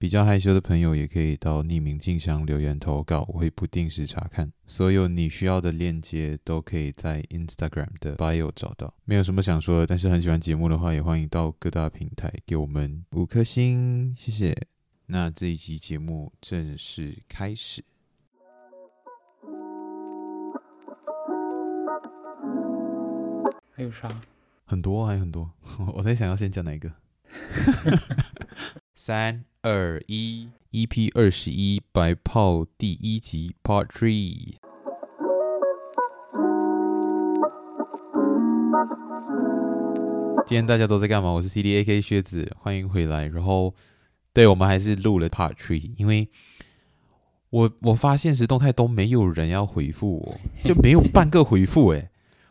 比較害羞的朋友也可以到匿名信箱留言投稿，我會不定時查看。所有你需要的鏈接都可以在 Instagram 的 Bio 找到。沒有什麼想說的，但是很喜歡節目的話，也歡迎到各大平台給我們五顆星，謝謝。那這一集節目正式開始。還有啥？很多，還有很多。我在想要先講哪一個？ 三二一，EP 二十一，白泡第一集 Part Three。今天大家都在幹嘛？我是 CDAK 靴子，歡迎回來。然後，對，我們還是錄了 Part Three，因為我我發現時動態都沒有人要回復我，就沒有半個回復誒。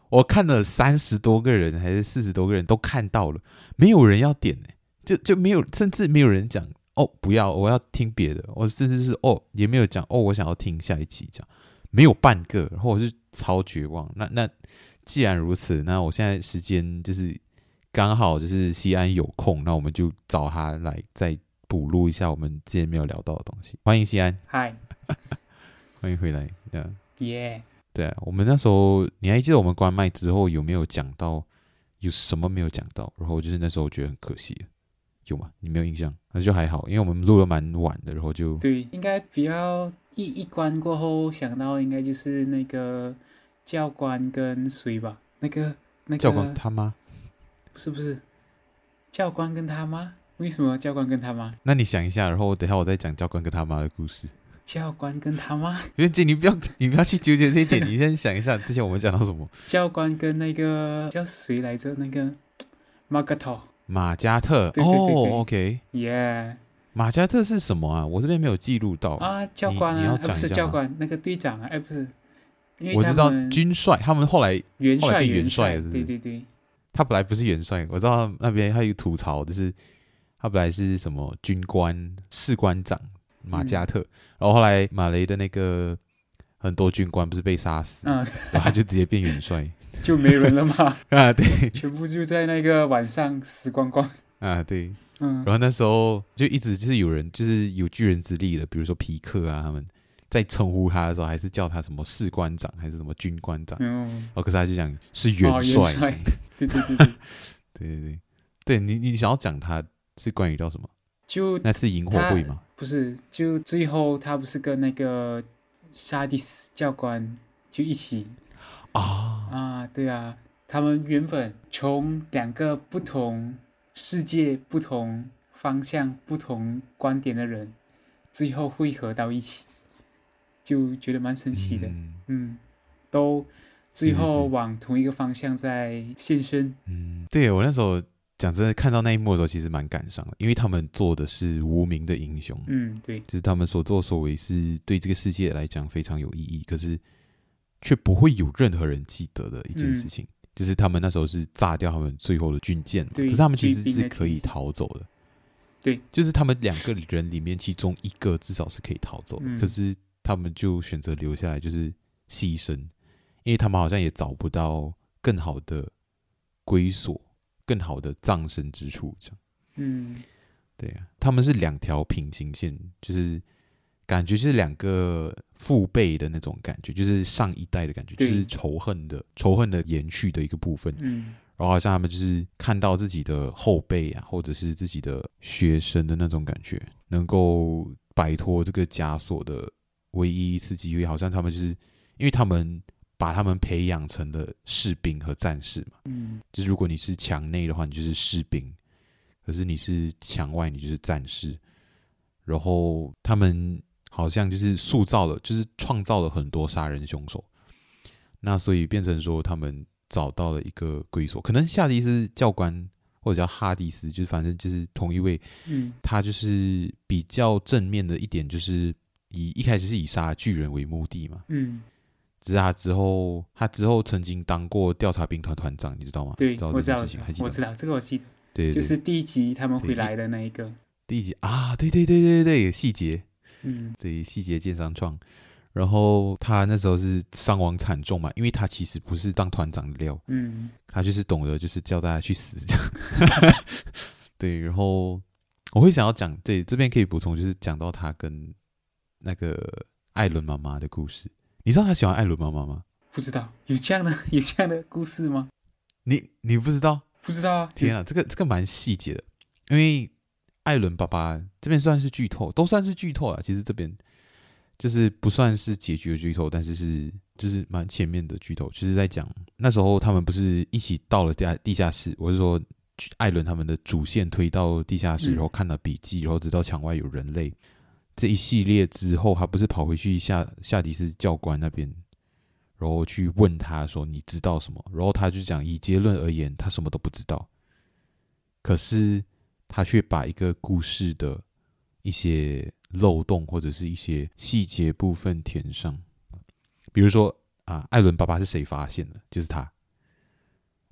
我看了三十多個人還是四十多個人都看到了，沒有人要點哎。就就沒有，甚至沒有人講哦，不要，我要聽別的。我甚至是哦，也沒有講哦，我想要聽下一期講，沒有半個。然後我就超絕望。那那既然如此，那我現在時間就是剛好就是西安有空，那我們就找他來再補錄一下我們之前沒有聊到的東西。歡迎西安，嗨，Hi. 歡迎回來。耶、yeah.，Yeah. 對啊。我們那時候你還記得我們關麥之後有沒有講到有什麼沒有講到？然後就是那時候我覺得很可惜。有嗎？你沒有印象，那就還好，因為我們錄了蠻晚的，然後就對，應該比較一一關過後想到應該就是那個教官跟誰吧？那個那個教官他媽？不是不是，教官跟他媽？為什麼教官跟他媽？那你想一下，然後我等下我再講教官跟他媽的故事。教官跟他媽？不用，你不要你不要去糾結這一點， 你先想一下之前我們講到什麼？教官跟那個叫誰來着？那個馬迦特。馬加特，哦，OK，耶，馬加特是什麼啊？我這邊沒有記錄到啊，教官啊，不是教官，那個隊長啊，哎，不是，因為我知道軍帥他們後來元帥元帥，對對對，他本來不是元帥，我知道那邊還有吐槽，就是他本來是什麼軍官士官長馬加特，然後後來馬雷的那個很多軍官不是被殺死，然後他就直接變元帥。 就沒人了嘛？啊，對，全部就在那個晚上死光光。啊，對，嗯，然後那時候就一直就是有人，就是有巨人之力的，比如說皮克啊，他們在稱呼他的時候還是叫他什麼士官長，還是什麼軍官長？嗯、哦，可是他就講是元帥，哦、元帥。對對對對 對，對對，對你你想要講他是關於叫什麼？就那是營火會嗎？不是，就最後他不是跟那個沙迪斯教官就一起啊。哦啊，對啊，他們原本從兩個不同世界、不同方向、不同觀點的人，最後匯合到一起，就覺得蠻神奇的。嗯，嗯，都最後往同一個方向在獻身。嗯，對，我那時候講真的，看到那一幕的時候，其實蠻感傷的，因為他們做的是無名的英雄。嗯，對，就是他們所作所為是對這個世界來講非常有意義，可是。卻不會有任何人記得的一件事情，嗯、就是他們那時候是炸掉他們最後的軍艦，對可是他們其實是可以逃走的。對，就是他們兩個人裡面，其中一個至少是可以逃走的，對可是他們就選擇留下來，就是犧牲，嗯、因為他們好像也找不到更好的歸宿，更好的葬身之處這樣。嗯，對啊，他們是兩條平行線，就是。感覺是兩個父輩的那種感覺，就是上一代的感覺，就是仇恨的、嗯、仇恨的延續的一個部分。嗯，然後好像他們就是看到自己的後輩啊，或者是自己的學生的那種感覺，能夠擺脫這個枷鎖的唯一一次機會，好像他們就是因為他們把他們培養成了士兵和戰士嘛。嗯，就是如果你是牆內的話，你就是士兵；可是你是牆外，你就是戰士。然後他們。好像就是塑造了，就是創造了很多殺人兇手。那所以變成說，他們找到了一個歸宿。可能夏迪斯教官或者叫哈迪斯，就是反正就是同一位。嗯，他就是比較正面的一點，就是以一開始是以殺巨人為目的嘛。嗯，只是啊。之後他之後曾經當過調查兵團團長，你知道嗎？對，知這我知道。事情還記得嗎？我知道這個，我記得。對，對，對，就是第一集他們回來的那一個。第一集啊，對對對對對，細節。嗯，對，細節見傷創，然後他那時候是傷亡慘重嘛，因為他其實不是當團長的料，嗯，他就是懂得就是叫大家去死這樣，嗯、 對，然後我會想要講，對，這邊可以補充就是講到他跟那個艾倫媽媽的故事，你知道他喜歡艾倫媽媽嗎？不知道，有這樣的有這樣的故事嗎？你你不知道？不知道啊！天啊哪，有這個這個蠻細節的，因為。艾倫爸爸這邊算是劇透，都算是劇透了。其實這邊就是不算是結局的劇透，但是是就是蠻前面的劇透，就是在講那時候他們不是一起到了地下地下室，我是說艾倫他們的主線推到地下室，然後看了筆記，然後知道牆外有人類、嗯、這一系列之後，他不是跑回去夏夏迪斯教官那邊，然後去問他說，你知道什麼？然後他就講以結論而言，他什麼都不知道。可是。他卻把一個故事的一些漏洞或者是一些細節部分填上，比如說啊，艾倫爸爸是誰發現的？就是他。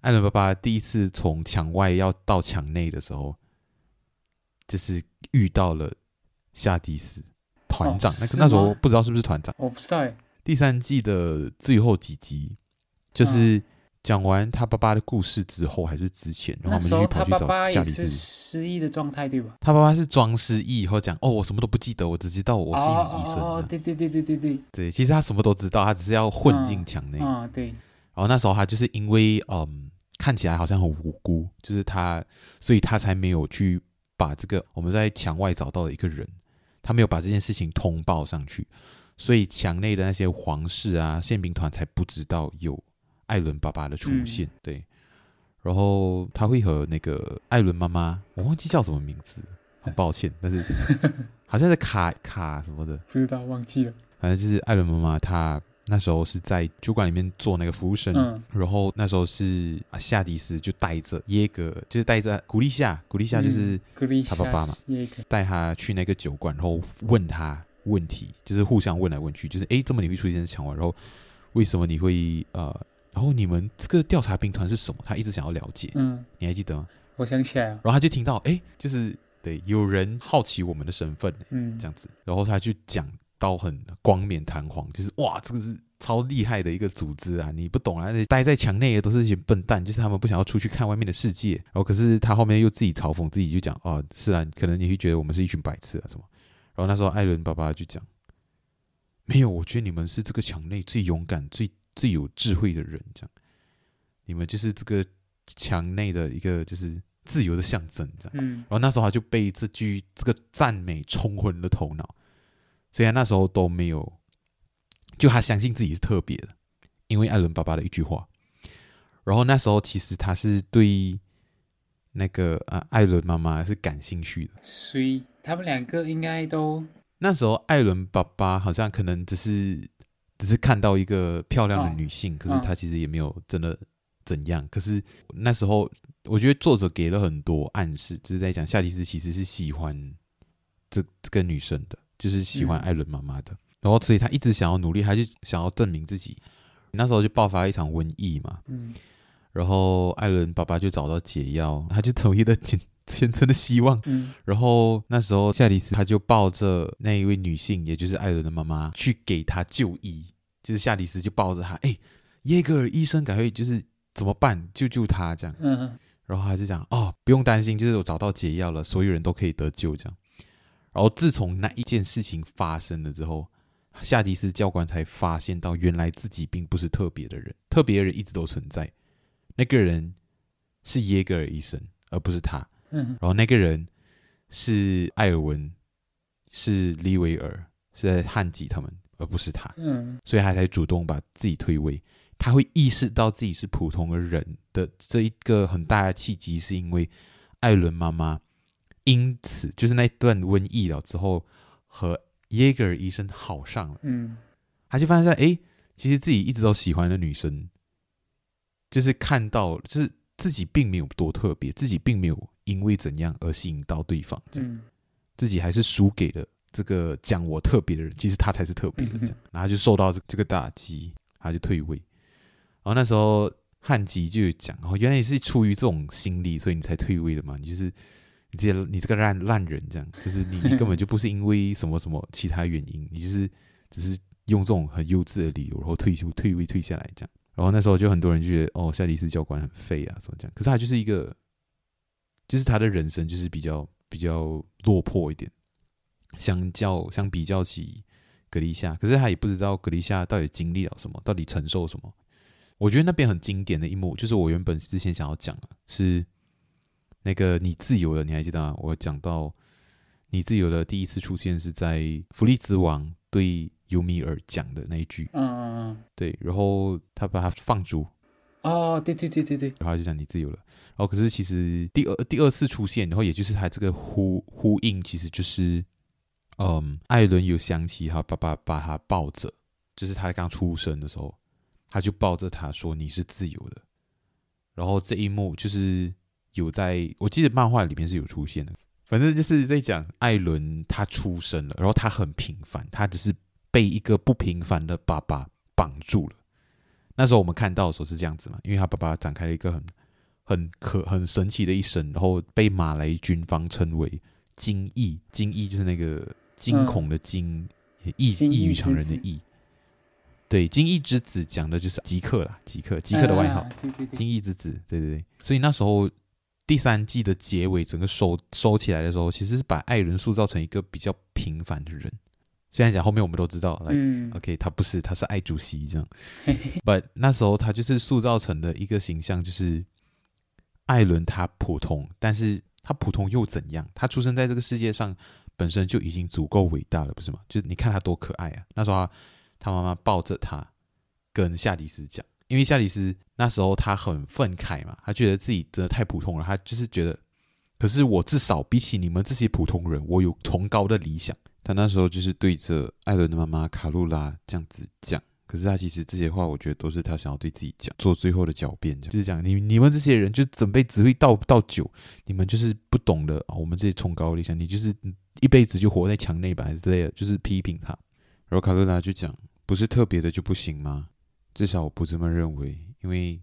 艾倫爸爸第一次從牆外要到牆內的時候，就是遇到了夏迪斯團長、哦那個。那時候不知道是不是團長，我、哦、不知道。第三季的最後幾集就是、啊。講完他爸爸的故事之後，還是之前，然後他們就跑去找夏迪斯。失憶的狀態對吧？他爸爸是裝失憶，然後講哦，我什麼都不記得，我只知道我是一名醫生。哦哦、對對對對對對對，其實他什麼都知道，他只是要混進牆內。哦、嗯嗯，對。然後那時候他就是因為嗯，看起來好像很無辜，就是他，所以他才沒有去把這個我們在牆外找到的一個人，他沒有把這件事情通報上去，所以牆內的那些皇室啊、憲兵團才不知道有。艾倫爸爸的出現，嗯、對，然後他會和那個艾倫媽媽，我忘記叫什麼名字，很抱歉，但是好像是卡卡什麼的，不知道忘記了。反正就是艾倫媽媽，她那時候是在酒館裡面做那個服務生，嗯、然後那時候是啊，夏迪斯就帶着耶格，就是帶着古麗夏，古麗夏就是他爸爸嘛，耶格帶他去那個酒館，然後問他問題，就是互相問來問去，就是哎，怎麼你會出現在牆外？然後為什麼你會呃？然後你們這個調查兵團是什麼？他一直想要了解。嗯，你還記得嗎？我想起來了、啊。然後他就聽到，哎，就是對，有人好奇我們的身份，嗯，這樣子。然後他就講，得很冠冕堂皇，就是哇，這個是超厲害的一個組織啊！你不懂啊，而待在牆內的都是一群笨蛋，就是他們不想要出去看外面的世界。然後可是他後面又自己嘲諷自己，就講，哦、啊，是啊，可能你會覺得我們是一群白痴啊什麼。然後他說，艾倫爸爸就講，沒有，我覺得你們是這個牆內最勇敢、最……最有智慧的人，這樣，你們就是這個牆內的一個就是自由的象徵，這樣。嗯。然後那時候他就被這句這個讚美沖昏了頭腦，雖然那時候都沒有，就他相信自己是特別的，因為艾倫爸爸的一句話。然後那時候其實他是對那個呃、啊、艾倫媽媽是感興趣的，所以他們兩個應該都那時候艾倫爸爸好像可能只是。只是看到一個漂亮的女性，哦、可是她其實也沒有真的怎樣。哦、可是那時候，我覺得作者給了很多暗示，就是在講夏迪斯其實是喜歡這這個女生的，就是喜歡艾倫媽媽的。嗯、然後，所以他一直想要努力，他就想要證明自己。那時候就爆發了一場瘟疫嘛，嗯，然後艾倫爸爸就找到解藥，他就同意的進、嗯。 虔誠的希望。嗯，然後那時候夏迪斯他就抱着那一位女性，也就是艾倫的媽媽去給她就醫，就是夏迪斯就抱着她，哎、欸，耶格爾醫生趕快就是怎麼辦，救救她這樣。嗯嗯哼。然後還是講，哦，不用擔心，就是我找到解藥了，所有人都可以得救這樣。然後自從那一件事情發生了之後，夏迪斯教官才發現到，原來自己並不是特別的人，特別的人一直都存在。那個人是耶格爾醫生，而不是他。嗯，然後那個人是艾爾文，是利維爾，是在漢吉他們，而不是他。嗯，所以他才主動把自己退位。他會意識到自己是普通的人的這一個很大的契機，是因為艾倫媽媽因此就是那一段瘟疫了之後，和耶格爾醫生好上了。嗯，他就發現哎，其實自己一直都喜歡的女生，就是看到就是自己並沒有多特別，自己並沒有。因為怎樣而吸引到對方，這樣自己還是輸給了這個講我特別的人，其實他才是特別的，這樣，然後就受到這這個打擊，他就退位。然後那時候漢吉就講，哦，原來你是出於這種心理，所以你才退位的嘛，你就是你這你這個爛爛人，這樣，就是你你根本就不是因為什麼什麼其他原因，你就是只是用這種很幼稚的理由，然後退休退位退,退下來，這樣。然後那時候就很多人就覺得，哦，夏迪斯教官很廢啊，怎麼講？可是他就是一個。就是他的人生就是比較比較落魄一點，相較相比較起格麗夏，可是他也不知道格麗夏到底經歷了什麼，到底承受什麼。我覺得那邊很經典的一幕，就是我原本之前想要講的，是那個你自由了，你還記得嗎？我講到你自由的第一次出現是在弗利茲王對尤米爾講的那一句，嗯嗯嗯，對，然後他把他放逐。哦、oh，對對對對對，然後就講你自由了。然後可是其實第二第二次出現，然後也就是他這個呼呼應，其實就是，嗯，艾倫有想起他爸爸把他抱着，就是他剛出生的時候，他就抱着他說，你是自由的。然後這一幕就是有在，我記得漫畫裡面是有出現的，反正就是在講艾倫他出生了，然後他很平凡，他只是被一個不平凡的爸爸綁住了。那時候我們看到的時候是這樣子嘛，因為他爸爸展開了一個很、很可、很神奇的一生，然後被馬萊軍方稱為金義“驚異”，“驚異”就是那個驚恐的金“驚、嗯”，異異於常人的義“異”。對，“驚異之子”金義之子講的就是吉克啦，吉克吉克的外號，“驚異、啊、之子”。對對對，所以那時候第三季的結尾，整個收收起來的時候，其實是把艾倫塑造成一個比較平凡的人。雖然講後面我們都知道，來、like, 嗯、，OK，他不是，他是艾主席這樣，But 那時候他就是塑造成的一個形象，就是艾倫他普通，但是他普通又怎樣？他出生在這個世界上本身就已經足夠偉大了，不是嗎？就是你看他多可愛啊！那時候他他媽媽抱着他跟夏迪斯講，因為夏迪斯那時候他很憤慨嘛，他覺得自己真的太普通了，他就是覺得，可是我至少比起你們這些普通人，我有崇高的理想。他那時候就是對着艾倫的媽媽卡露拉這樣子講，可是他其實這些話，我覺得都是他想要對自己講，做最後的狡辯，就是講你你們這些人就準備只會倒倒酒，你們就是不懂得啊、哦，我們這些崇高理想，你就是一輩子就活在牆內吧還是之類的，就是批評他。然後卡露拉就講，不是特別的就不行嗎？至少我不這麼認為，因為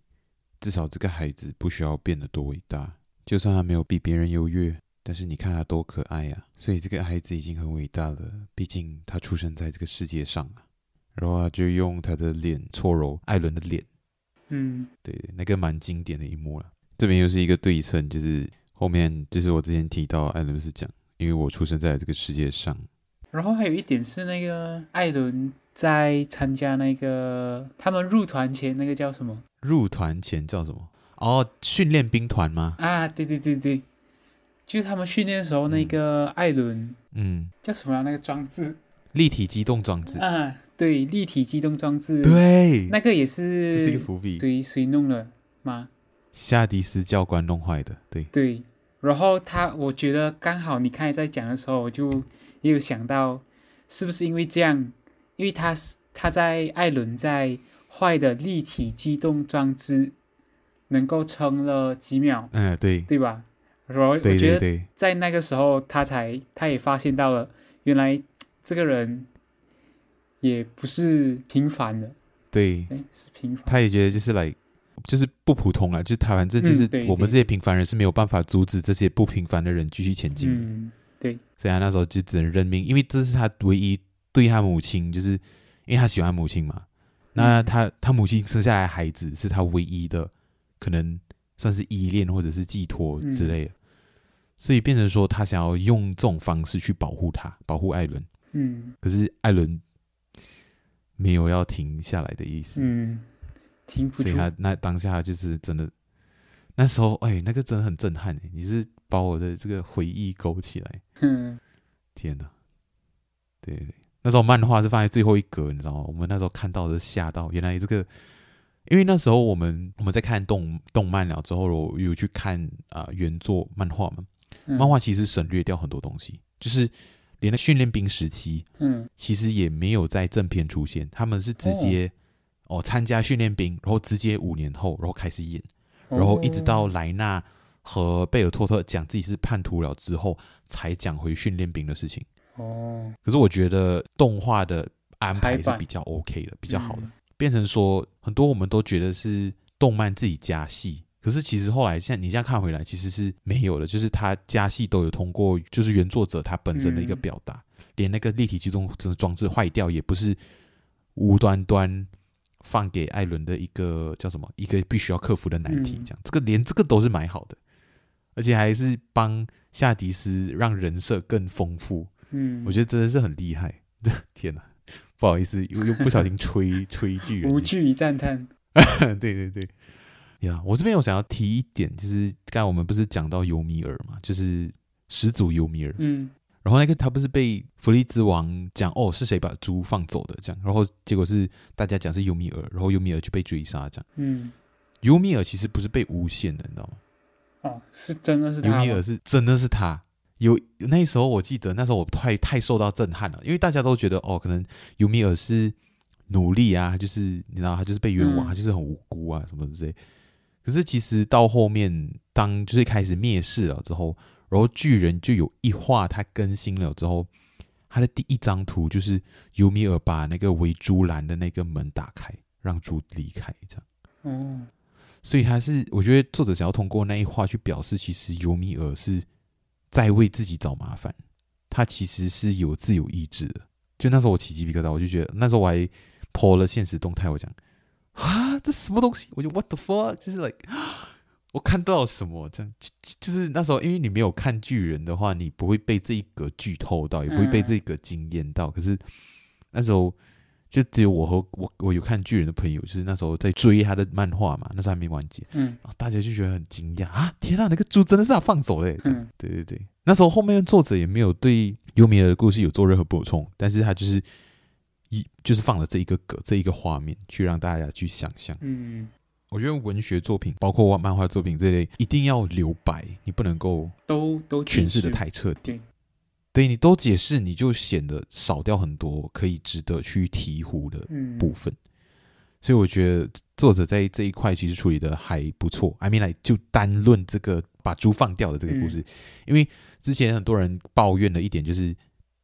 至少這個孩子不需要變得多偉大，就算他沒有比別人優越。但是你看他多可愛呀、啊！所以這個孩子已經很偉大了，畢竟他出生在這個世界上啊。然後他就用他的臉搓揉艾倫的臉，嗯，對，那個蠻經典的一幕了、啊。這邊又是一個對稱，就是後面就是我之前提到艾倫是講，因為我出生在這個世界上。然後還有一點是那個艾倫在參加那個他們入團前那個叫什麼？入團前叫什麼？哦，訓練兵團嗎？啊，對對對對。就他們訓練的時候那個艾倫，嗯，叫什麼、啊、那個裝置，立體機動裝置。嗯、啊，對，立體機動裝置。對，那個也是，這個伏筆。對，誰弄的嗎？夏迪斯教官弄壞的。對對，然後他，我覺得剛好你剛才在講的時候，我就也有想到，是不是因為這樣？因為他是他在艾倫在壞的立體機動裝置能夠撐了幾秒。嗯、呃，對，對吧？他說，我覺得在那個時候，他才他也發現到了，原來這個人也不是平凡的。對，是平凡。他也覺得就是來、like,，就是不普通了，就是，他反正就是我們這些平凡人是沒有辦法阻止這些不平凡的人繼續前進。嗯，對，對，所以他那時候就只能認命，因為這是他唯一對他母親，就是因為他喜歡母親嘛。那他、嗯、他母親生下來孩子是他唯一的可能。算是依戀或者是寄託之類的，所以變成說他想要用這種方式去保護他，保護艾倫。可是艾倫沒有要停下來的意思。所以，他那當下就是真的。那時候，哎，那個真的很震撼。欸，你是把我的這個回憶勾起來。嗯，天哪，對對，那時候漫畫是放在最後一格，你知道嗎？我們那時候看到的是嚇到，原來這個。因為那時候我們我們在看動動漫了之後，我有去看啊、呃、原作漫畫嘛，漫畫其實省略掉很多東西，嗯、就是連那訓練兵時期，嗯，其實也沒有在正片出現，他們是直接哦，哦參加訓練兵，然後直接五年後，然後開始演，然後一直到萊納和貝爾托特講自己是叛徒了之後，才講回訓練兵的事情。哦，可是我覺得動畫的安排是比較 OK 的，板比較好的。嗯嗯。變成說很多我們都覺得是動漫自己加戲，可是其實後來像你這樣看回來，其實是沒有的。就是他加戲都有通過，就是原作者他本身的一個表達，嗯、連那個立體機動裝置壞掉也不是無端端放給艾倫的一個叫什麼一個必須要克服的難題。這樣，這個連這個都是蠻好的，而且還是幫夏迪斯讓人設更豐富。嗯，我覺得真的是很厲害。這天哪、啊！不好意思，又又不小心吹 吹一句無懼讚嘆。 對對對，呀，yeah，我這邊我想要提一點，就是剛才我們不是講到尤彌爾嘛，就是始祖尤彌爾。嗯，然後那個他不是被弗利茲王講哦，是誰把豬放走的？這樣，然後結果是大家講是尤彌爾，然後尤彌爾就被追殺。這樣，嗯，尤彌爾其實不是被誣陷的，你知道嗎？哦，是真的是他。尤彌爾是真的是他。有那時候，我記得那時候我太太受到震撼了，因為大家都覺得哦，可能尤彌爾是奴隸啊，就是你知道他就是被冤枉，嗯、他就是很無辜啊什麼之類。可是其實到後面，當就是開始滅世了之後，然後巨人就有一話他更新了之後，他的第一張圖就是尤彌爾把那個圍豬欄的那個門打開，讓豬離開這樣。嗯，所以他是我覺得作者想要通過那一話去表示，其實尤彌爾是。在為自己找麻煩，他其實是有自由意志的。就那時候我起雞皮疙瘩，我就覺得那時候我還剖了限時動態，我講啊，這什麼東西？我就 what the fuck，就是 like 我看到了什麼這樣就，就是那時候因為你沒有看巨人的話，你不會被這一個劇透到，也不會被這個驚豔到。可是那時候。就只有我和我，我有看巨人的朋友，就是那時候在追他的漫畫嘛，那時候還沒完結。嗯，大家就覺得很驚訝啊！天啊，那個豬真的是要放走嘞？嗯、對對對。那時候後面作者也沒有對尤彌爾的故事有做任何補充，但是他就是一就是放了這一個格，這一個畫面，去讓大家去想象。嗯，我覺得文學作品，包括漫畫作品這類，一定要留白，你不能夠都都詮釋得太徹底。對，你都解釋，你就顯得少掉很多可以值得去提壺的部分。嗯、所以我覺得作者在這一塊其實處理得還不錯。I mean，like, 就單論這個把豬放掉的這個故事，嗯、因為之前很多人抱怨的一點就是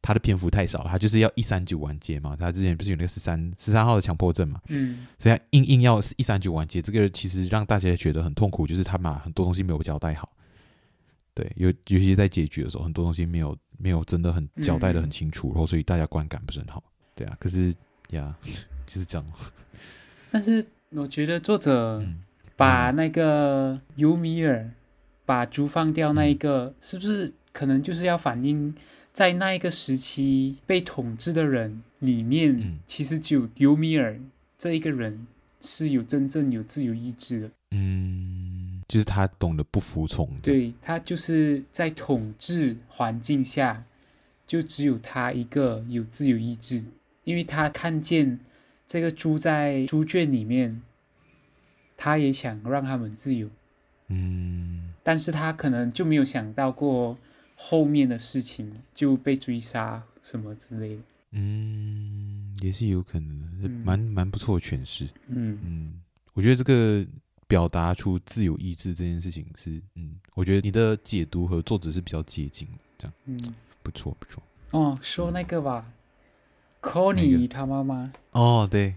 他的篇幅太少，他就是要一三九完結嘛。他之前不是有那個十三十三號的強迫症嘛？嗯，所以他硬硬要一三九完結，這個其實讓大家覺得很痛苦，就是他嘛很多東西沒有交代好。對，尤尤其在結局的時候，很多東西沒有。沒有真的很交代得很清楚，然後、嗯、所以大家觀感不是很好，對啊，可是呀，就是這樣。但是我覺得作者把那個尤米爾把豬放掉那一個，嗯、是不是可能就是要反映在那一個時期被統治的人裡面，其實就尤米爾這一個人是有真正有自由意志的，嗯。就是他懂得不服從，對他就是在統治環境下，就只有他一個有自由意志，因為他看見這個豬在豬圈裡面，他也想讓他們自由，嗯，但是他可能就沒有想到過後面的事情就被追殺什麼之類的，嗯，也是有可能的，蠻蠻，蠻不錯的詮釋，嗯嗯，我覺得這個。表達出自由意志這件事情是，嗯，我覺得你的解讀和作者是比較接近的，這樣，嗯，不錯不錯。哦，說那個吧柯尼他媽媽，哦對，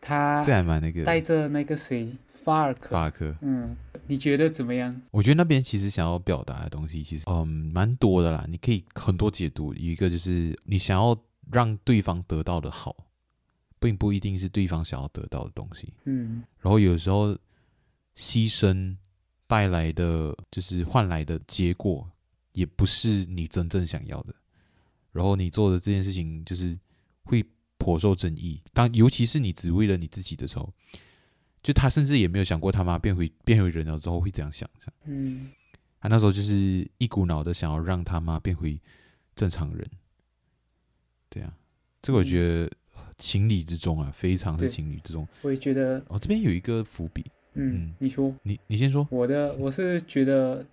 他這還蠻那個，帶着那個誰，法爾科，法爾科，嗯，你覺得怎麼樣？我覺得那邊其實想要表達的東西，其實嗯，蠻多的啦。你可以很多解讀，一個就是你想要讓對方得到的好，並不一定是對方想要得到的東西，嗯，然後有時候。犧牲帶來的就是換來的結果，也不是你真正想要的。然後你做的這件事情就是會頗受爭議。當尤其是你只為了你自己的時候，就他甚至也沒有想過他媽變回變回人了之後會怎樣想想。嗯，他那時候就是一股腦的想要讓他媽變回正常人。對啊，這個我覺得情理之中啊，非常是情理之中。我也覺得，哦，這邊有一個伏筆。嗯，你說，你你先說。我的我是覺得，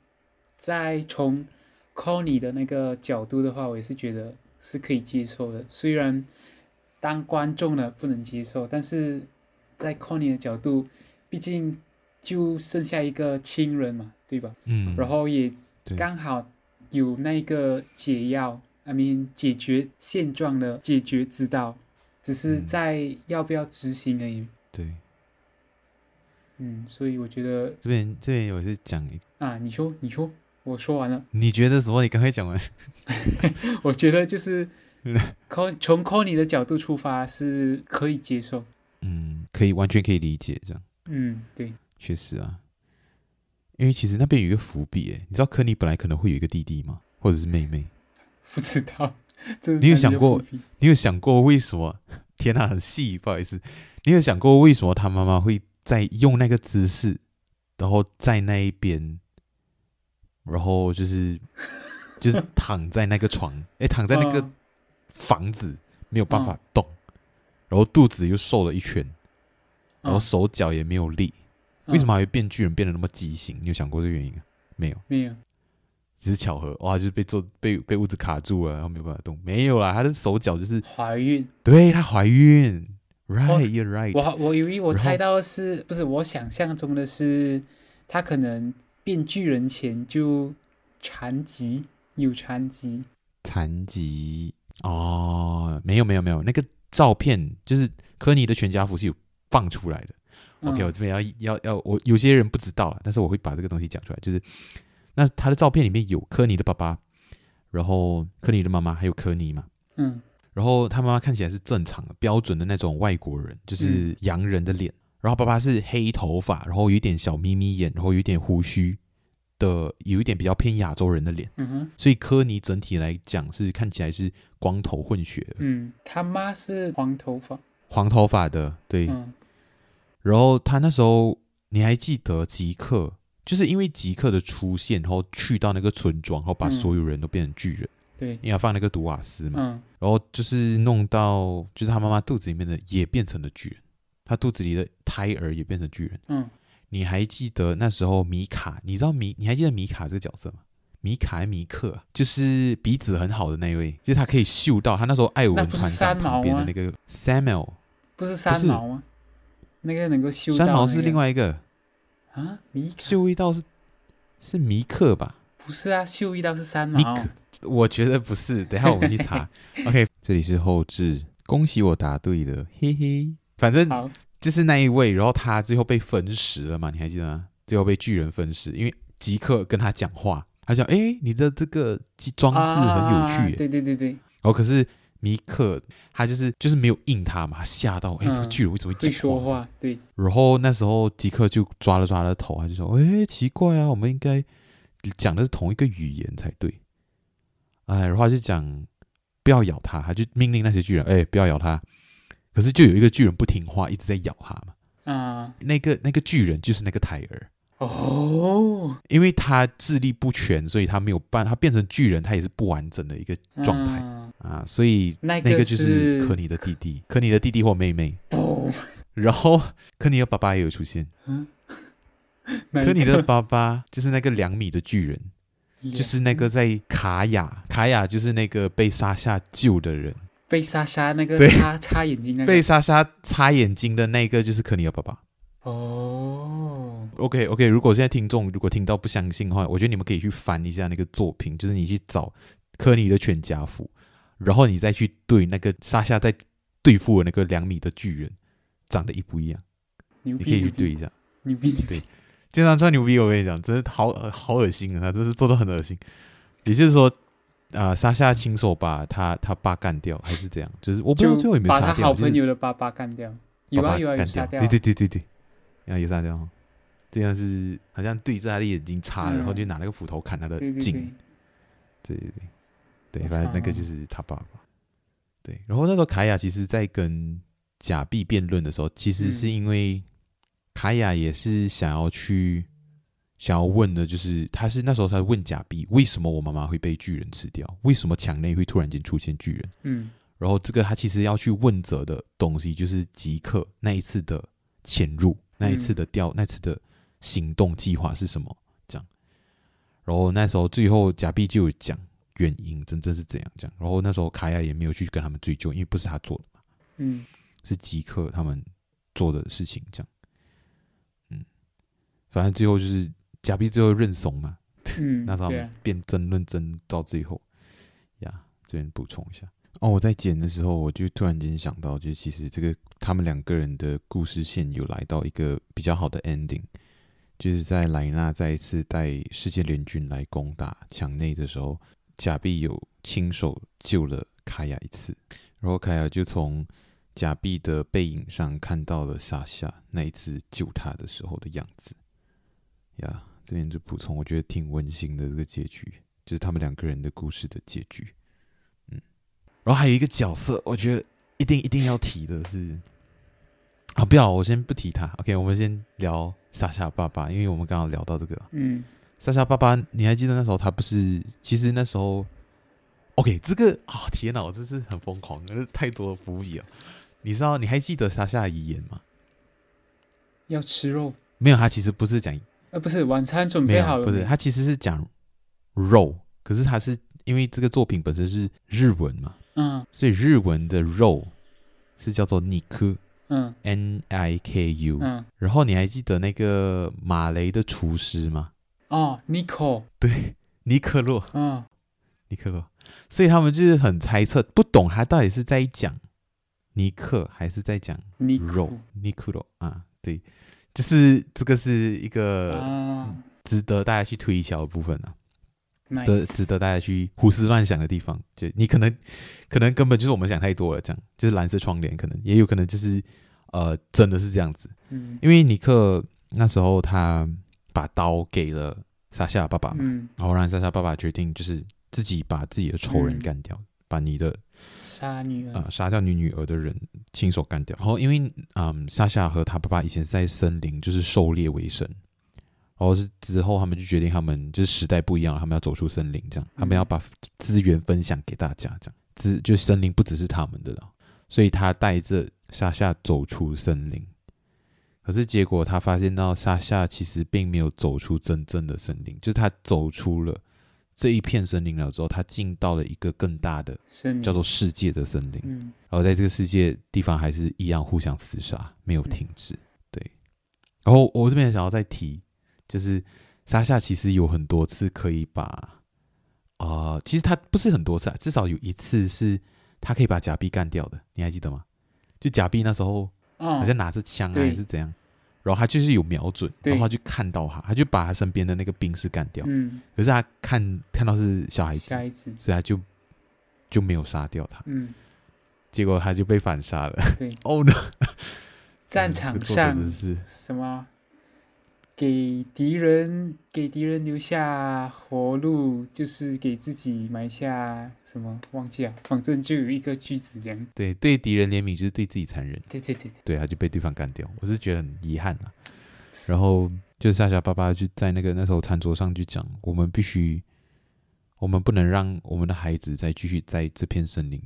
在從柯尼的那個角度的話，我也是覺得是可以接受的。雖然當觀眾的不能接受，但是在柯尼的角度，畢竟就剩下一個親人嘛，對吧？嗯。然後也剛好有那個解藥，那邊對 I mean, 解決現狀的解決之道，只是在要不要執行而已。嗯、對。嗯，所以我覺得這邊這邊有些講啊，你說你說，我說完了。你覺得什麼？你剛才講完， 我覺得就是 從從柯尼的角度出發是可以接受，嗯，可以完全可以理解這樣。嗯，對，確實啊，因為其實那邊有一個伏筆誒，你知道柯尼本來可能會有一個弟弟嗎？或者是妹妹？不知道，你有想過？你有想過為什麼？天吶、啊，很細，不好意思，你有想過為什麼他媽媽會？在用那個姿勢，然後在那一邊，然後就是就是躺在那個床，哎， 躺在那個房子、uh, 沒有辦法動，uh, 然後肚子又瘦了一圈，uh, 然後手腳也沒有力，uh, 為什麼還會變巨人變得那麼畸形？你有想過這個原因嗎？沒有，沒有，只是巧合哇！就是被坐被被屋子卡住了，然後沒有辦法動。沒有啦，他的手腳就是懷孕，對，他懷孕。Right, you're right. 我我以為我猜到是 Right. 不是我想象中的是，是他可能變巨人前就殘疾，有殘疾。殘疾哦、oh, 沒有沒有沒有，那個照片就是柯尼的全家福是有放出來的。OK，嗯、我這邊要要要，我有些人不知道了，但是我會把這個東西講出來。就是那他的照片裡面有柯尼的爸爸，然後柯尼的媽媽還有柯尼嘛？嗯。然後他媽媽看起來是正常的，標準的那種外國人，就是洋人的臉。嗯、然後爸爸是黑頭髮，然後有一點小眯眯眼，然後有一點鬍鬚的，有一點比較偏亞洲人的臉。嗯哼。所以柯尼整體來講是看起來是光頭混血。嗯，他媽是黃頭髮，黃頭髮的，對。嗯、然後他那時候你還記得吉克，就是因為吉克的出現，然後去到那個村莊，然後把所有人都變成巨人。嗯對，因為我放了一個毒瓦斯嘛，嗯、然後就是弄到，就是他媽媽肚子裡面的也變成了巨人，他肚子裡的胎兒也變成巨人。嗯，你還記得那時候米卡？你知道米？你還記得米卡這個角色嗎？米卡還是米克？就是鼻子很好的那位，就是他可以嗅到他那時候艾文、那個，那不是山繆的那個 Samuel 不是山繆嗎？那個能夠嗅到三、那個、毛是另外一個啊，米嗅味道是是米克吧？不是啊，嗅味道是山繆。我覺得不是，等一下我們去查。 OK，這裡是後製，恭喜我答對了，嘿嘿。反正好就是那一位，然後他最後被分食了嘛？你還記得嗎？最後被巨人分食，因為吉克跟他講話，他講：“哎、欸，你的這個裝置很有趣耶。啊”對對對對。哦，可是米克他就是就是沒有應他嘛，嚇到。哎、欸，嗯、這個巨人為什麼會會說話？對。然後那時候吉克就抓了抓他的頭，他就說：“哎、欸，奇怪啊，我們應該講的是同一個語言才對。”哎，然後就講，不要咬他，他就命令那些巨人，哎、欸，不要咬他。可是就有一個巨人不聽話，一直在咬他嘛。啊，那個那個巨人就是那個胎兒哦，因為他智力不全，所以他沒有辦，他變成巨人，他也是不完整的一個狀態啊，啊。所以那個，那個就是柯尼的弟弟，柯尼的弟弟或妹妹。哦，然後柯尼的爸爸也有出現。啊、柯尼的爸爸就是那個兩米的巨人。Yeah. 就是那個在卡亞。卡亞就是那個被莎夏救的人，被莎夏那個擦對擦眼睛，那個，被莎夏擦眼睛的那個就是柯尼的爸爸。哦、oh.，OK OK，如果現在聽眾如果聽到不相信的話，我覺得你們可以去翻一下那個作品，就是你去找柯尼的全家福，然後你再去對那個莎夏在對付的那個兩米的巨人，長得一不一樣？逼你可以去對一下，你必須對。經常吹牛逼，我跟你講，真的好好噁心啊！他真是做的很噁心。也就是說，啊、呃，莎夏親手把他他爸幹掉，還是這樣？就是我，不知道最後有沒有殺掉。就把他好朋友的爸爸幹掉，有啊有啊，也殺掉。對對對對對，然後也殺掉、哦。對對對掉哦、這樣是好像對着他的眼睛插，嗯、然後就拿那個斧頭砍他的頸。嗯、對對對，哦、對，反正那個就是他爸爸。對，然後那時候卡亞其實，在跟賈碧辯論的時候，其實是因為。卡亞也是想要去，想要問的，就是他是那時候他問賈碧為什麼我媽媽會被巨人吃掉？為什麼牆內會突然間出現巨人？嗯，然後這個他其實要去問責的東西，就是吉克那一次的潛入，那一次的掉，那次的行動計劃是什麼？這樣，然後那時候最後賈碧就有講原因，真正是怎樣這樣。然後那時候卡亞也沒有去跟他們追究，因為不是他做的嘛，嗯，是吉克他們做的事情，這樣。反正最後就是賈碧最後認慫嘛，嗯， 那時候變爭論爭到最後呀，yeah。這邊補充一下哦，我、oh, 在剪的時候，我就突然間想到，就是其實這個他們兩個人的故事線有來到一個比較好的 ending，就是在萊納再一次帶世界聯軍來攻打牆內的時候，賈碧有親手救了卡亞一次，然後卡亞就從賈碧的背影上看到了莎夏那一次救他的時候的樣子。呀，yeah, 這邊就補充，我覺得挺溫馨的這個結局，就是他們兩個人的故事的結局。嗯，然後還有一個角色，我覺得一定一定要提的是，啊，不要，我先不提他。OK，我們先聊莎莎爸爸，因為我們剛剛聊到這個。嗯，莎莎爸爸，你還記得那時候他不是？其實那時候，OK，這個啊，天吶，我真是很瘋狂，這是太多的伏筆了。你知道，你還記得莎莎的遺言嗎？要吃肉？沒有，他其實不是講。呃，不是晚餐準備好了，不是，他其實是講肉，可是他是因為這個作品本身是日文嘛，嗯，所以日文的肉是叫做 niku，嗯，N I K U，嗯，然後你還記得那個馬雷的廚師嗎？哦，尼克，對，尼克洛，嗯，尼克洛，所以他們就是很猜測，不懂他到底是在講尼克還是在講肉，尼克，尼克洛啊，嗯，對。就是這個是一個、uh, 值得大家去推敲的部分啊 Nice.，的值得大家去胡思亂想的地方。就你可能可能根本就是我們想太多了，這樣就是藍色窗簾，可能也有可能就是呃真的是這樣子。嗯、因為尼克那時候他把刀給了莎夏的爸爸嘛，嗯、然後讓莎夏爸爸決定就是自己把自己的仇人幹掉。嗯把你的殺女兒啊，殺、呃、掉你女、女兒的人親手幹掉。然後因為，嗯，莎夏和他爸爸以前在森林就是狩獵為生，然後是之後他們就決定，他們就是時代不一樣了，他們要走出森林這樣，嗯、他們要把資源分享給大家這樣，資就森林不只是他們的了。所以他帶着莎夏走出森林，可是結果他發現到莎夏其實並沒有走出真正的森林，就是他走出了。這一片森林了之後，他進到了一個更大的，林叫做世界的森林。嗯、然後在這個世界地方，還是一樣互相廝殺，嗯、沒有停止。對，然後我這邊想要再提，就是莎夏其實有很多次可以把，啊、呃，其實他不是很多次，至少有一次是他可以把賈碧幹掉的，你還記得嗎？就賈碧那時候、哦、好像拿着槍啊，還是怎樣？然後他就是有瞄準，對然後他就看到他，他就把他身邊的那個兵士幹掉。嗯、可是他看看到是小孩子，所以他就就沒有殺掉他。嗯、結果他就被反殺了。對，哦那、oh、no 戰場上 什麼？給敵人給敵人留下活路，就是給自己埋下什麼？忘記了，反正就有一個句子。這樣，對對，對敵人憐憫就是對自己殘忍。對對對對，對啊，就被對方幹掉。我是覺得很遺憾啊。是然後就是莎夏爸爸，就在那個那時候餐桌上去講：我們必須，我們不能讓我們的孩子再繼續在這片森林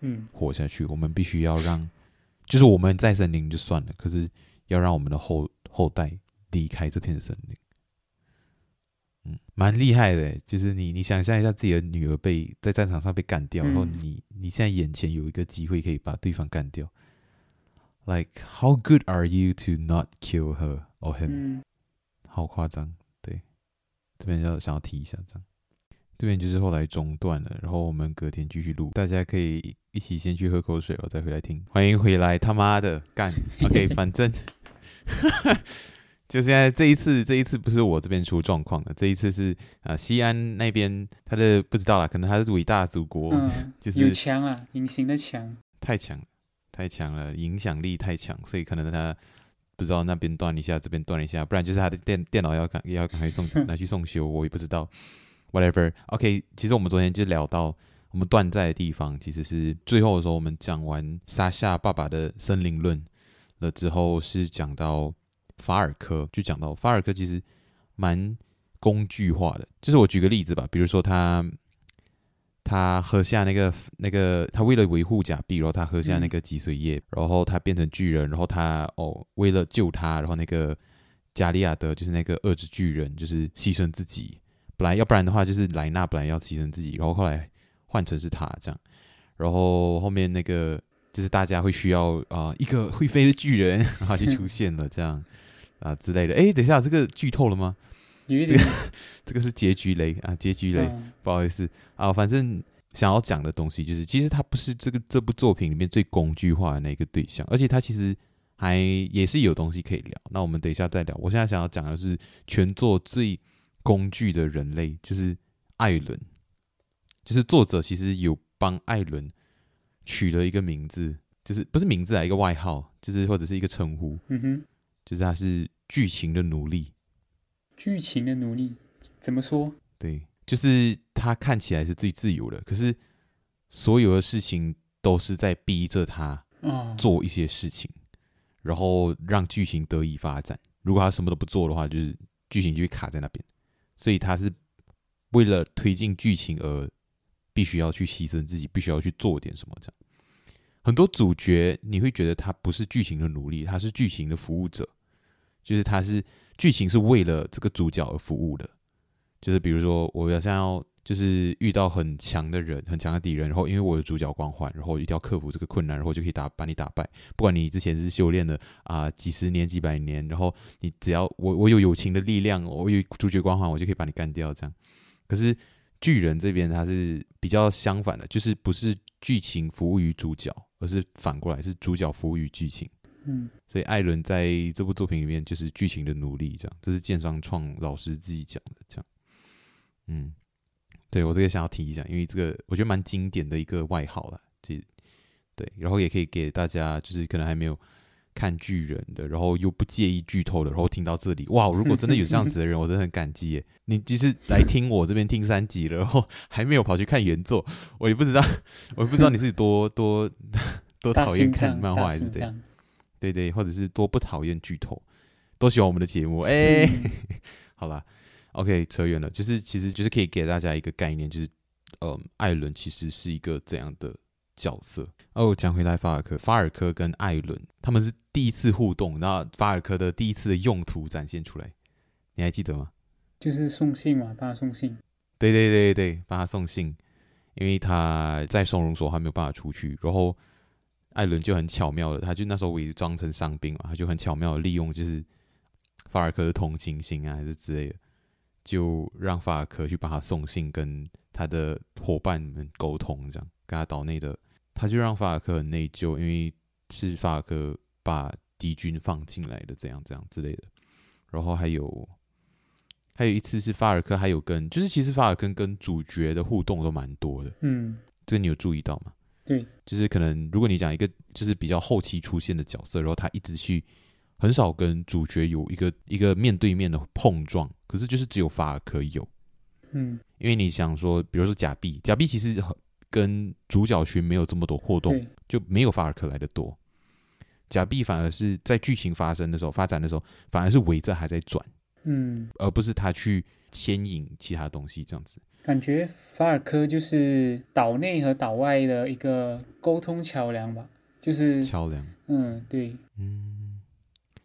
嗯活下去。嗯、我們必須要讓， 就是我們在森林就算了，可是要讓我們的後後代。離開這片森林，嗯，蠻厲害的。就是你，你想象一下自己的女兒被在戰場上被幹掉，嗯、然後你你現在眼前有一個機會可以把對方幹掉，like how good are you to not kill her or him？嗯、好誇張，對，這邊要想要提一下這，這樣這邊就是後來中斷了，然後我們隔天繼續錄，大家可以一起先去喝口水，我再回來聽。歡迎回來。他，他媽的幹，OK，反正。 就現在這一次，這一次不是我這邊出狀況了，這一次是啊、呃、西安那邊他的不知道啦，可能他是偉大祖國，嗯、 就是有牆啊，隱形的牆。太強太強了，影響力太強，所以可能他不知道那邊斷一下，這邊斷一下，不然就是他的電電腦要趕要趕快送拿去送修， 我也不知道，whatever。OK，其實我們昨天就聊到我們斷在的地方，其實是最後的時候我們講完沙夏爸爸的森林論了之後，是講到。法爾科就講到，法爾科其實蠻工具化的。就是我舉個例子吧，比如說他他喝下那個那個，他為了維護賈碧，然後他喝下那個脊髓液，嗯、然後他變成巨人，然後他哦，為了救他，然後那個加利亞德就是那個顎之巨人，就是犧牲自己。本來要不然的話就是萊納本來要犧牲自己，然後後來換成是他這樣，然後後面那個就是大家會需要啊、呃、一個會飛的巨人，然後就出現了 這樣。啊之類的，哎，等一下，這個劇透了嗎？一這個 這個是結局雷啊，結局雷，嗯、不好意思啊，反正想要講的東西就是，其實他不是這個這部作品裡面最工具化的那個對象，而且他其實還也是有東西可以聊。那我們等一下再聊。我現在想要講的是全作最工具的人類，就是艾倫，就是作者其實有幫艾倫取了一個名字，就是不是名字啊，一個外號，就是或者是一個稱呼，嗯哼，就是他是。劇情的奴隸，劇情的奴隸，怎麼說？對，就是他看起來是最自由的，可是所有的事情都是在逼着他，做一些事情，然後讓劇情得以發展。如果他什麼都不做的話，就是劇情就會卡在那邊。所以他是為了推進劇情而必須要去犧牲自己，必須要去做點什麼的。很多主角你會覺得他不是劇情的奴隸，他是劇情的服務者。就是它是劇情是為了這個主角而服務的，就是比如說我好像要就是遇到很強的人、很強的敵人，然後因為我有主角光環，然後一定要克服這個困難，然後就可以打把你打敗。不管你之前是修煉了啊、呃、幾十年、幾百年，然後你只要我我有友情的力量，我有主角光環，我就可以把你幹掉，這樣。可是巨人這邊他是比較相反的，就是不是劇情服務於主角，而是反過來是主角服務於劇情。嗯，所以艾倫在這部作品裡面就是劇情的奴隸，這樣，這、就是諫山創老師自己講的，這樣，嗯，對我這個想要提一下，因為這個我覺得蠻經典的一個外號了，這，對，然後也可以給大家，就是可能還沒有看巨人的，然後又不介意劇透的，然後聽到這裡，哇，如果真的有這樣子的人， 我真的很感激耶，你其實來聽我這邊聽三集了，然後還沒有跑去看原作，我也不知道，我也不知道你是多 多多討厭看漫畫還是怎樣。對對，或者是多不討厭劇透，多喜歡我們的節目哎。欸嗯、 好啦，OK，扯遠了，就是其實就是可以給大家一個概念，就是嗯、呃，艾倫其實是一個怎樣的角色。哦，講回來，法爾科，法爾科跟艾倫他們是第一次互動，然後法爾科的第一次的用途展現出來，你還記得嗎？就是送信嘛，幫他送信。對對對對，幫他送信，因為他在收容所還沒有辦法出去，然後。艾倫就很巧妙的，他就那時候偽裝成傷兵嘛，他就很巧妙的利用就是法爾科的同情心啊，還是之類的，就讓法爾科去把他送信跟他，跟他的伙伴們溝通，這樣跟他島內的，他就讓法爾科很內疚，因為是法爾科把敵軍放進來的，這樣這樣之類的。然後還有，還有一次是法爾科還有跟，就是其實法爾科跟主角的互動都蠻多的，嗯，這你有注意到嗎？對，就是可能，如果你講一個就是比較後期出現的角色，然後他一直去很少跟主角有一個一個面對面的碰撞，可是就是只有法爾克有，嗯，因為你想說，比如說賈碧，賈碧其實跟主角群沒有這麼多互動，對就沒有法爾克來得多，賈碧反而是在劇情發生的時候、發展的時候，反而是圍着還在轉，嗯，而不是他去牽引其他東西這樣子。感覺法爾科就是島內和島外的一個溝通橋樑吧，就是橋樑。嗯，對，嗯，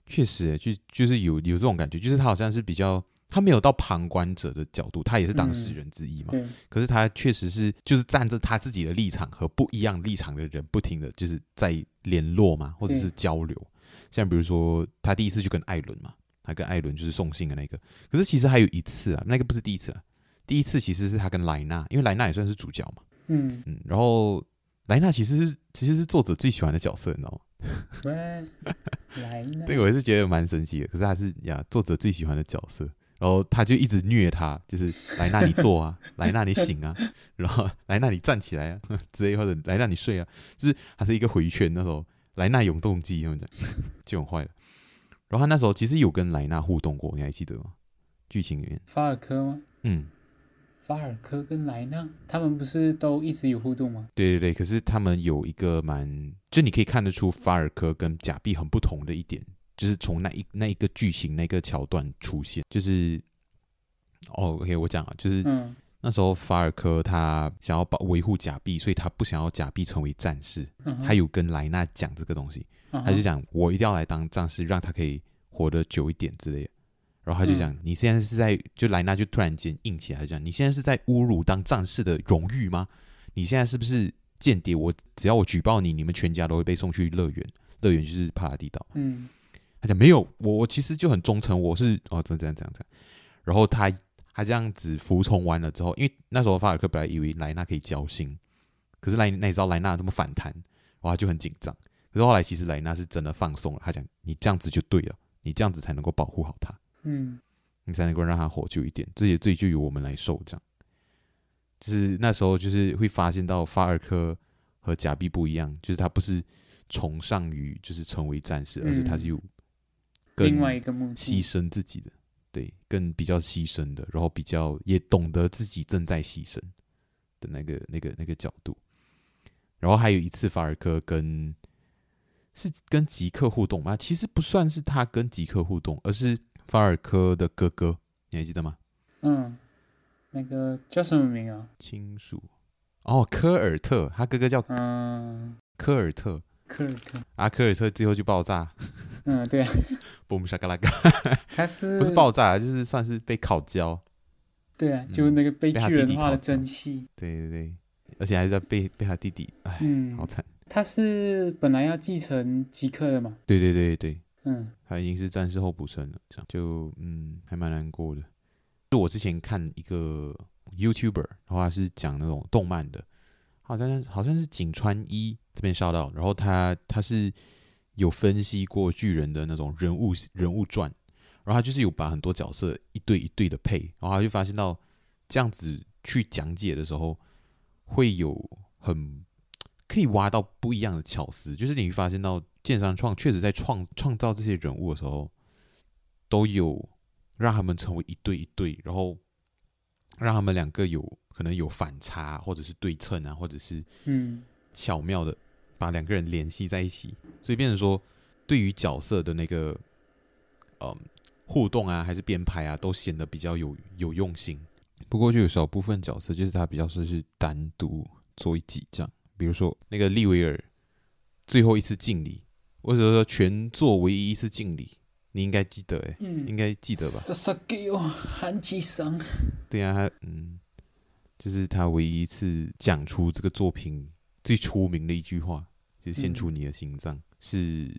確實，就就是有有這種感覺，就是他好像是比較，他沒有到旁觀者的角度，他也是當事人之一嘛。嗯。可是他確實是，就是站着他自己的立場和不一樣立場的人，不停的就是在聯絡嘛，或者是交流。對像比如說，他第一次去跟艾倫嘛，他跟艾倫就是送信的那個。可是其實還有一次啊，那個不是第一次啊。第一次其實是他跟萊納，因為萊納也算是主角嘛。嗯嗯，然後萊納其實是其實是作者最喜歡的角色，你知道嗎？萊 對，我是覺得蠻神奇的。可是他是呀，作者最喜歡的角色，然後他就一直虐他，就是萊納你坐啊，萊 娜你醒啊，然後萊納你站起來啊，之類，或者萊納你睡啊，就是還是一個回圈。那時候萊納永動機，就這樣就很壞了。然後他那時候其實有跟萊納互動過，你還記得嗎？劇情裡面法爾科嗎？嗯。法爾科跟萊納，他們不是都一直有互動嗎？對對對，可是他們有一個蠻，就你可以看得出法爾科跟賈碧很不同的一點，就是從那一那一個劇情那一個橋段出現，就是，哦，OK，我講啊，就是、嗯、那時候法爾科他想要保維護賈碧，所以他不想要賈碧成為戰士，嗯、哼他有跟萊納講這個東西，嗯、哼他就講，我一定要來當戰士，讓他可以活得久一點之類的。然後他就講：“嗯、你現在是在就萊納就突然間硬起來，他就講你現在是在侮辱當戰士的榮譽嗎？你現在是不是間諜我？我只要我舉報你，你們全家都會被送去樂園。樂園就是帕拉蒂島。”嗯，他講沒有，我我其實就很忠誠，我是哦怎樣這樣這樣這樣。然後他他這樣子服從完了之後，因為那時候法爾克本來以為萊納可以交心，可是萊那一招萊納這麼反彈，然後他就很緊張。可是後來其實萊納是真的放鬆了，他講你這樣子就對了，你這樣子才能夠保護好他。”嗯，你才能夠讓他活久一點，這些罪就由我們來受。這樣，就是那時候就是會發現到法爾科和賈碧不一樣，就是他不是崇尚於就是成為戰士，嗯、而是他是有另外一個目的，犧牲自己的，的對，更比較犧牲的，然後比較也懂得自己正在犧牲的那個那個那個角度。然後還有一次，法爾科跟是跟吉克互動嗎？其實不算是他跟吉克互動，而是。法爾科的哥哥，你還記得嗎？嗯，那個叫什麼名啊？親屬，哦，科爾特，他哥哥叫嗯，科爾特，科爾特，阿、啊、科爾特最後就爆炸。嗯，對、啊，嘣 他是 不是爆炸，就是算是被烤焦。對啊，嗯、就那個被巨人化的蒸汽。對對對，而且還是要被被他弟弟，哎，嗯、好慘。他是本來要繼承吉克的嘛？對，對對對對。嗯，他已經是戰士候補生了，這樣就嗯，還蠻難過的。就是、我之前看一個 YouTuber，然後他是講那種動漫的，好像好像是井川一這邊燒到，然後他他是有分析過巨人的那種人物人物傳，然後他就是有把很多角色一對一對的配，然後他就發現到這樣子去講解的時候，會有很可以挖到不一樣的巧思，就是你會發現到。諫山創確實在創創造這些人物的時候，都有讓他們成為一對一對，然後讓他們兩個有可能有反差，或者是對稱啊，或者是嗯巧妙的把兩個人聯繫在一起，所以變成說對於角色的那個嗯互動啊，還是編排啊，都顯得比較有有用心。不過就有少部分角色，就是他比較說是單獨做一集這樣，比如說那個利維爾最後一次敬禮。我只是說，全作唯一一次敬禮，你應該記得哎，嗯、應該記得吧？殺殺給我對啊他嗯，就是他唯一一次講出這個作品最出名的一句話，就是獻出你的心臟，嗯、是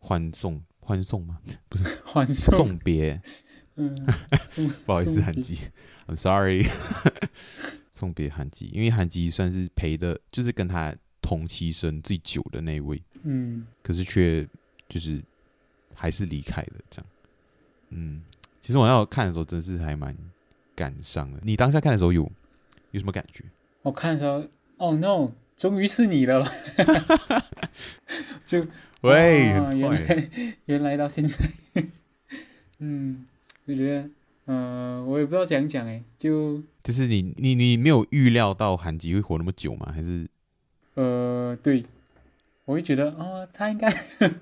歡送歡送嗎？不是，歡送，送別。不好意思，漢吉，I'm sorry， 送別漢吉，因為漢吉算是陪的就是跟他同期生最久的那一位。嗯，可是卻就是還是離開了這樣。嗯，其實我要看的時候，真是還蠻感傷的。你當下看的時候有有什麼感覺？我看的時候，哦 no，終於是你了， 就，喂，哦、原來原來到現在，嗯，就覺得，呃，我也不知道怎樣講誒、欸，就就是你你你沒有預料到漢吉會活那麼久嗎？還是，呃，對。我會覺得哦，他應該呵呵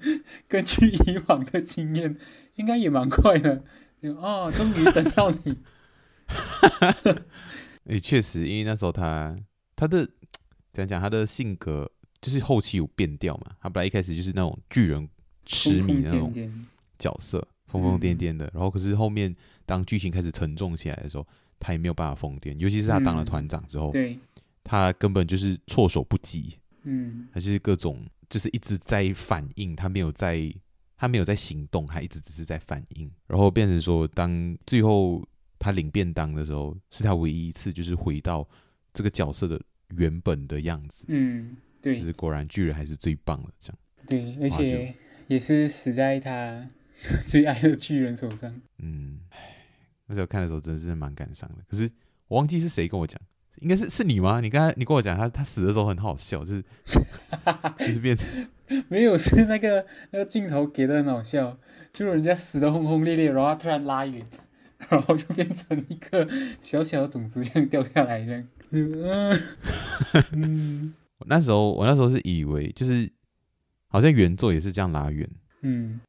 根據以往的經驗，應該也蠻快的。就哦，終於等到你。也確、 欸、實，因為那時候他他的講講，他的性格就是後期有變調嘛。他本來一開始就是那種巨人痴迷那種角色，瘋瘋癲癲的。嗯、然後可是後面當劇情開始沉重起來的時候，他也沒有辦法瘋癲。尤其是他當了團長之後，嗯、對，他根本就是措手不及。嗯，還是各種。就是一直在反應，他沒有在，他沒有在行動，他一直只是在反應，然後變成說，當最後他領便當的時候，是他唯一一次就是回到這個角色的原本的樣子。嗯，對，就是果然巨人還是最棒的，這樣。對，而且也是死在他最愛的巨人手上。 嗯，唉，而且我看的時候真的是蠻感傷的，可是我忘記是誰跟我講。應該是是你嗎？你剛才你跟我講，他他死的時候很好笑，就是，就是變成 沒有，是那個那個鏡頭給的很好笑，就人家死的轟轟烈烈，然後他突然拉遠，然後就變成一個小小的種子這樣掉下來這樣。就是嗯、 那時候我那時候是以為就是好像原作也是這樣拉遠，嗯，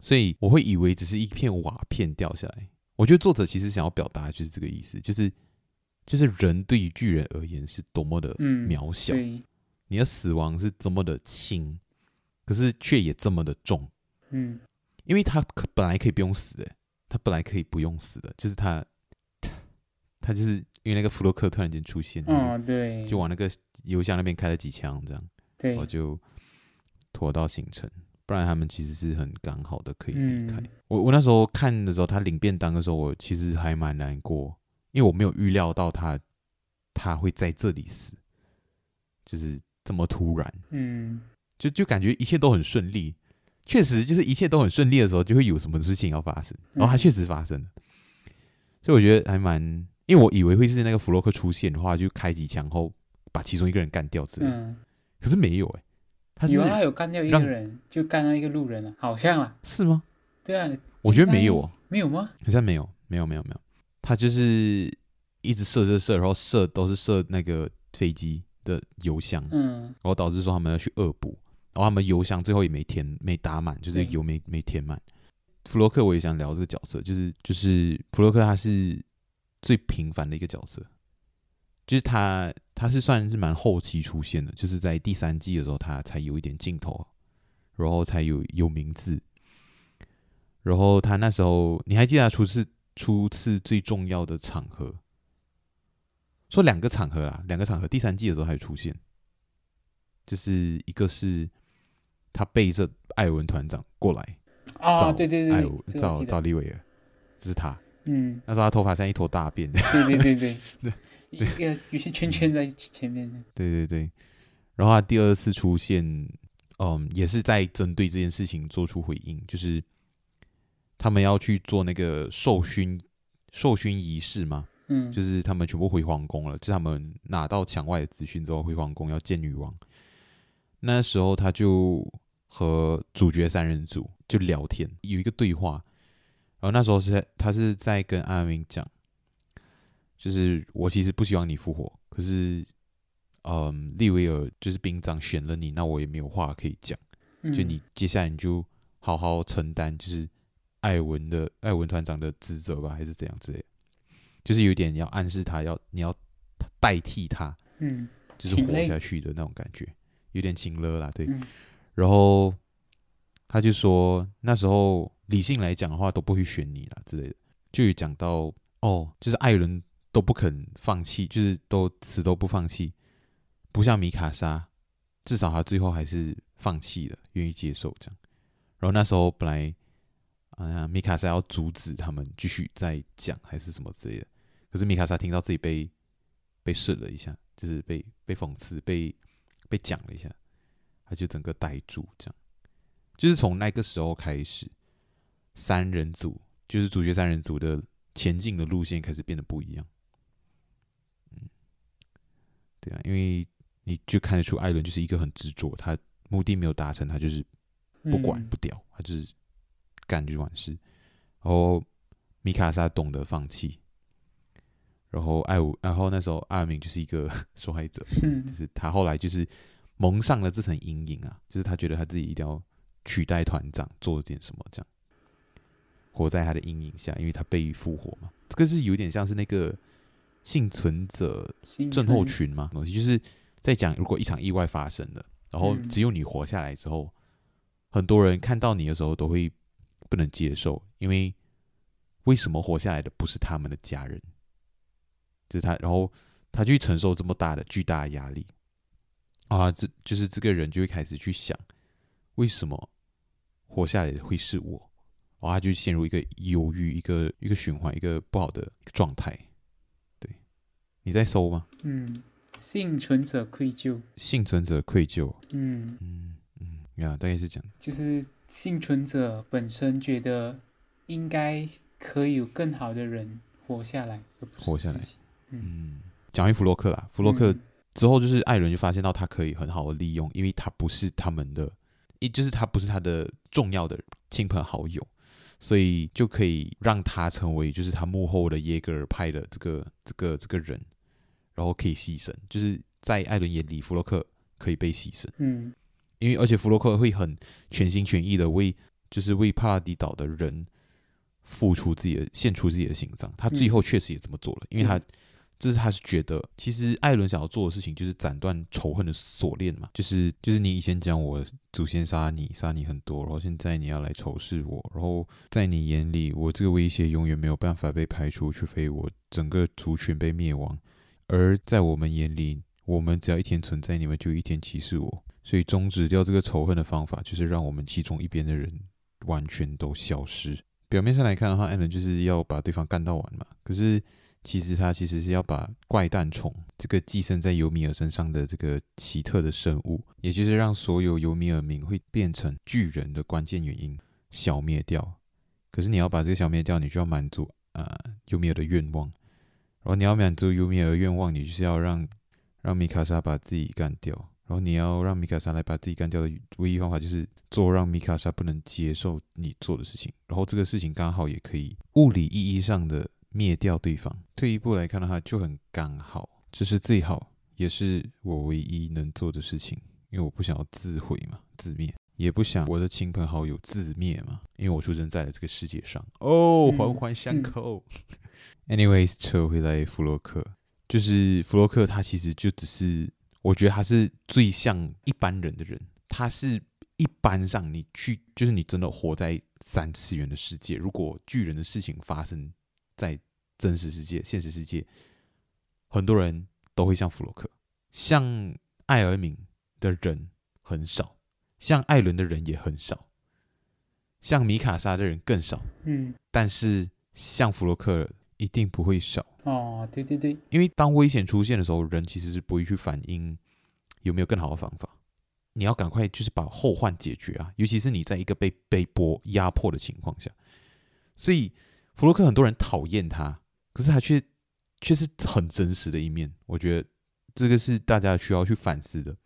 所以我會以為只是一片瓦片掉下來。我覺得作者其實想要表達的就是這個意思，就是。就是人對於巨人而言是多麼的渺小，嗯、你的死亡是多麼的輕，可是卻也這麼的重。嗯，因為他可本來可以不用死的，他本來可以不用死的，就是他他就是因為那個弗洛克突然間出現，哦對、嗯就是，就往那個油箱那邊開了幾槍，這樣，我、嗯、就拖到行程，不然他們其實是很剛好的可以離開。嗯、我我那時候看的時候，他領便當的時候，我其實還蠻難過。因為我沒有預料到他，他會在這裡死，就是這麼突然。嗯，就就感覺一切都很順利，確實就是一切都很順利的時候，就會有什麼事情要發生，嗯、然後他確實發生了。所以我覺得還蠻，因為我以為會是那個弗洛克出現的話，就開幾槍後把其中一個人幹掉之類。嗯、可是沒有哎、欸，他是他有幹掉一個人，讓就幹掉一個路人啊，好像啊，是嗎？對啊，我覺得沒有、哦，沒有嗎？好像沒有，沒有，沒有，沒有。他就是一直射射射，然後射都是射那個飛機的油箱，嗯，然後導致說他們要去惡補，然後他們油箱最後也沒填沒打滿，就是油沒、嗯、沒填滿。弗洛克，我也想聊這個角色，就是就是弗洛克他是最平凡的一個角色，就是他他是算是蠻後期出現的，就是在第三季的時候他才有一點鏡頭，然後才有有名字，然後他那時候你還記得他初次。初次最重要的場合，說兩個場合啊，兩個場合。第三季的時候還出現，就是一個是他背着艾文團長過來啊，找艾文對對對，找找利維爾，是他，嗯，那時候他頭髮像一坨大便，對對，對對對，一個有些圈圈在前面，對對對。然後他第二次出現，嗯，也是在針對這件事情做出回應，就是。他們要去做那個授勳授勳儀式嘛，嗯，就是他們全部回皇宮了，就他們拿到牆外的資訊之後回皇宮要見女王。那時候他就和主角三人組就聊天，有一個對話。然後那時候是他是在跟阿明講，就是我其實不希望你復活，可是，嗯，利維爾就是兵長選了你，那我也沒有話可以講，嗯、就你接下來你就好好承擔，就是。艾文的艾文團長的職責吧，還是怎樣之類的，就是有點要暗示他要你要代替他，嗯，就是活下去的那種感覺，樂有點輕了啦，對。嗯、然後他就說，那時候理性來講的話都不會選你啦之類的，就有講到哦，就是艾倫都不肯放棄，就是都死都不放棄，不像米卡莎，至少他最後還是放棄了，願意接受這樣。然後那時候本來。啊，米卡莎要阻止他們繼續再講，還是什麼之類的。可是米卡莎聽到自己被被損了一下，就是被被諷刺、被被講了一下，他就整個呆住。這樣，就是從那個時候開始，三人組就是主角三人組的前進的路線開始變得不一樣。嗯，對啊，因為你就看得出艾倫就是一個很執着，他目的沒有達成，他就是不管、嗯、不屌，他就是。幹就完事。然後米卡莎懂得放棄，然後艾武，然後那時候阿明就是一個受害者，嗯、就是他後來就是蒙上了這層陰影啊，就是他覺得他自己一定要取代團長，做點什麼，這樣活在他的陰影下，因為他被復活嘛。這個是有點像是那個幸存者症候群嘛，幸存。就是在講如果一場意外發生了，然後只有你活下來之後，嗯、很多人看到你的時候都會。不能接受，因為為什麼活下來的不是他們的家人？就是他，然後他就承受這麼大的巨大的壓力啊！這就是這個人就會開始去想，為什麼活下來的會是我？然後，啊，他就陷入一個憂鬱、一個一個循環、一個不好的狀態。對。你在搜嗎？嗯，倖存者愧疚。倖存者愧疚。嗯嗯嗯，啊、嗯嗯嗯，大概是這樣，就是。倖存者本身覺得應該可以有更好的人活下來，而不是自己。活下來。嗯，講回弗洛克啊，弗洛克之後就是艾倫就發現到他可以很好的利用，嗯、因為他不是他們的，一就是他不是他的重要的親朋好友，所以就可以讓他成為就是他幕後的耶格爾派的這個這個這個人，然後可以犧牲，就是在艾倫眼裡弗洛克可以被犧牲。嗯。因為而且弗洛克會很全心全意的為，就是為帕拉迪島的人付出自己的，獻出自己的心臟。他最後確實也這麼做了，因為他就是他是覺得，其實艾倫想要做的事情就是斬斷仇恨的鎖鏈嘛，就是就是你以前講我祖先殺你，殺你很多，然後現在你要來仇視我，然後在你眼裡我這個威脅永遠沒有辦法被排除，除非我整個族群被滅亡。而在我們眼裡，我們只要一天存在，你們就一天歧視我。所以終止掉這個仇恨的方法，就是讓我們其中一邊的人完全都消失。表面上來看的話，艾倫就是要把對方幹到完嘛。可是其實他其實是要把怪誕蟲這個寄生在尤米爾身上的這個奇特的生物，也就是讓所有尤米爾民會變成巨人的關鍵原因消滅掉。可是你要把這個消滅掉，你就要滿足啊、呃、尤米爾的願望。然後你要滿足尤米爾的願望，你就是要讓讓米卡莎把自己幹掉。然後你要讓米卡莎來把自己幹掉的唯一方法，就是做讓米卡莎不能接受你做的事情，然後這個事情剛好也可以物理意義上的滅掉對方。退一步來看的話，就很剛好，這、就是最好，也是我唯一能做的事情，因為我不想要自毀嘛，自滅，也不想我的親朋好友自滅嘛，因為我出生在了這個世界上。哦，環環相扣。嗯嗯、 Anyways，車回來弗洛克，就是弗洛克，他其實就只是。我覺得他是最像一般人的人，他是一般上你去，就是你真的活在三次元的世界。如果巨人的事情發生在真實世界、現實世界，很多人都會像弗洛克，像艾爾敏的人很少，像艾倫的人也很少，像米卡莎的人更少。嗯，但是像弗洛克。一定不會少哦，對對對，因為當危險出現的時候，人其實是不會去反應有沒有更好的方法，你要趕快就是把後患解決啊，尤其是你在一個被被迫壓迫的情況下，所以弗洛克很多人討厭他，可是他卻卻是很真實的一面，我覺得這個是大家需要去反思的，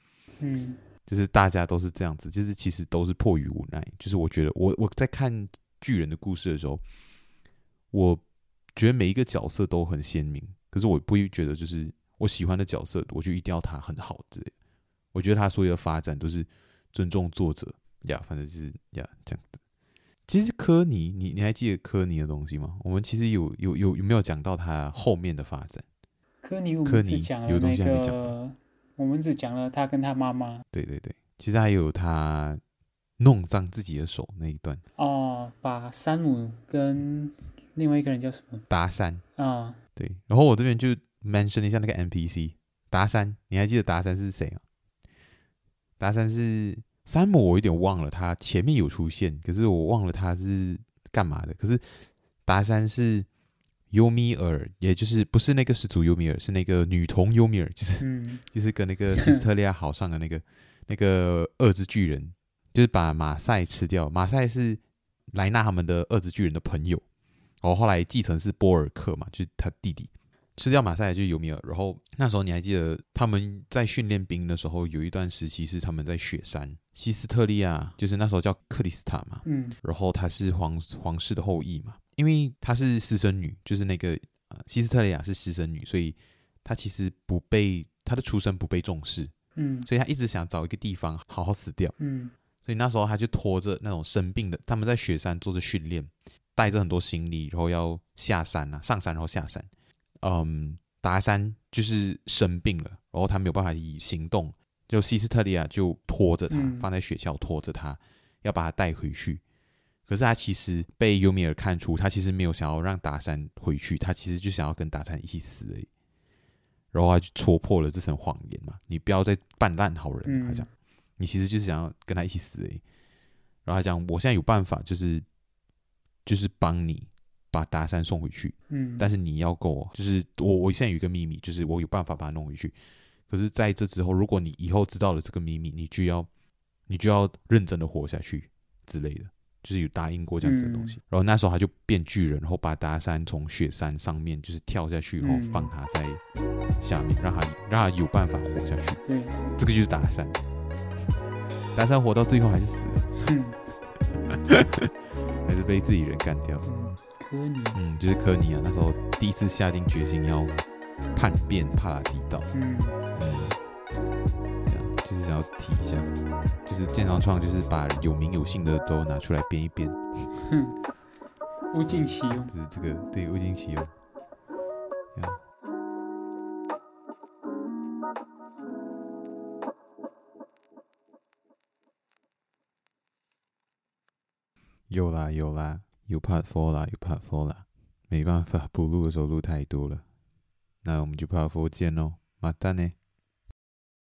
嗯，就是大家都是這樣子，就是其實都是迫於無奈，就是我覺得我我在看巨人的故事的時候，我。覺得每一個角色都很鮮明，可是我不會覺得就是我喜歡的角色，我就一定要他很好之類。我覺得他所有的發展都是尊重作者呀，反正就是呀這樣。其實柯尼，你你還記得柯尼的東西嗎？我們其實有有有有沒有講到他後面的發展？柯尼，柯尼有東西還沒講。我們只講了他跟他媽媽。對對對，其實還有他弄髒自己的手那一段哦，把山姆跟嗯另外一個人叫什麼？達山啊，哦，對。然後我這邊就 mention 一下那個 NPC 達山，你還記得達山是誰嗎？達山是山姆，三我有點忘了，他前面有出現，可是我忘了他是幹嘛的。可是達山是尤彌爾，也就是不是那個始祖尤彌爾，是那個女童尤彌爾，就是、嗯、就是跟那個希，希斯特利亞好上的那個 那個顎之巨人，就是把馬賽吃掉。馬賽是萊納他們的顎之巨人的朋友。哦，後來繼承是波爾克嘛，就是他弟弟吃掉馬賽爾就是尤彌爾。然後那時候你還記得他們在訓練兵的時候，有一段時期是他們在雪山西斯特利亞，就是那時候叫克里斯塔嘛。嗯。然後他是皇皇室的後裔嘛因為她是私生女，就是那個西斯特利亞是私生女，所以她其實不被她的出身不被重視。嗯。所以她一直想找一個地方好好死掉。嗯。所以那時候他就拖着那種生病的，他們在雪山做着訓練。帶着很多行李，然後要下山啊，上山然後下山，嗯，達山就是生病了，然後他沒有辦法以行動，就希斯特利亞就拖着他，嗯、放在雪橇，拖着他，要把他帶回去。可是他其實被尤彌爾看出，他其實沒有想要讓達山回去，他其實就想要跟達山一起死。然後他就戳破了這層謊言嘛，你不要再扮爛好人了，嗯、他講，你其實就是想要跟他一起死。然後他講，我現在有辦法，就是。就是幫你把達山送回去，嗯，但是你要夠，就是我我現在有一個秘密，就是我有辦法把它弄回去。可是在這之後，如果你以後知道了這個秘密，你就要你就要認真的活下去之類的，就是有答應過這樣子的東西。嗯、然後那時候他就變巨人，然後把達山從雪山上面就是跳下去，然後放他在下面，嗯、讓他讓他有辦法活下去。對，這個就是達山，達山活到最後還是死了。嗯 還是被自己人幹掉，柯尼，嗯，嗯，就是柯尼啊。那時候第一次下定決心要叛變帕拉迪島，嗯，這樣、嗯、就是想要提一下，就是諫山創，就是把有名有姓的都拿出來編一編，物盡其用，就是這個對，物盡其用。嗯有啦有啦，有 part four 啦有 part four 啦，沒辦法，不錄的時候錄太多了，那我們就 part four 見哦，またね！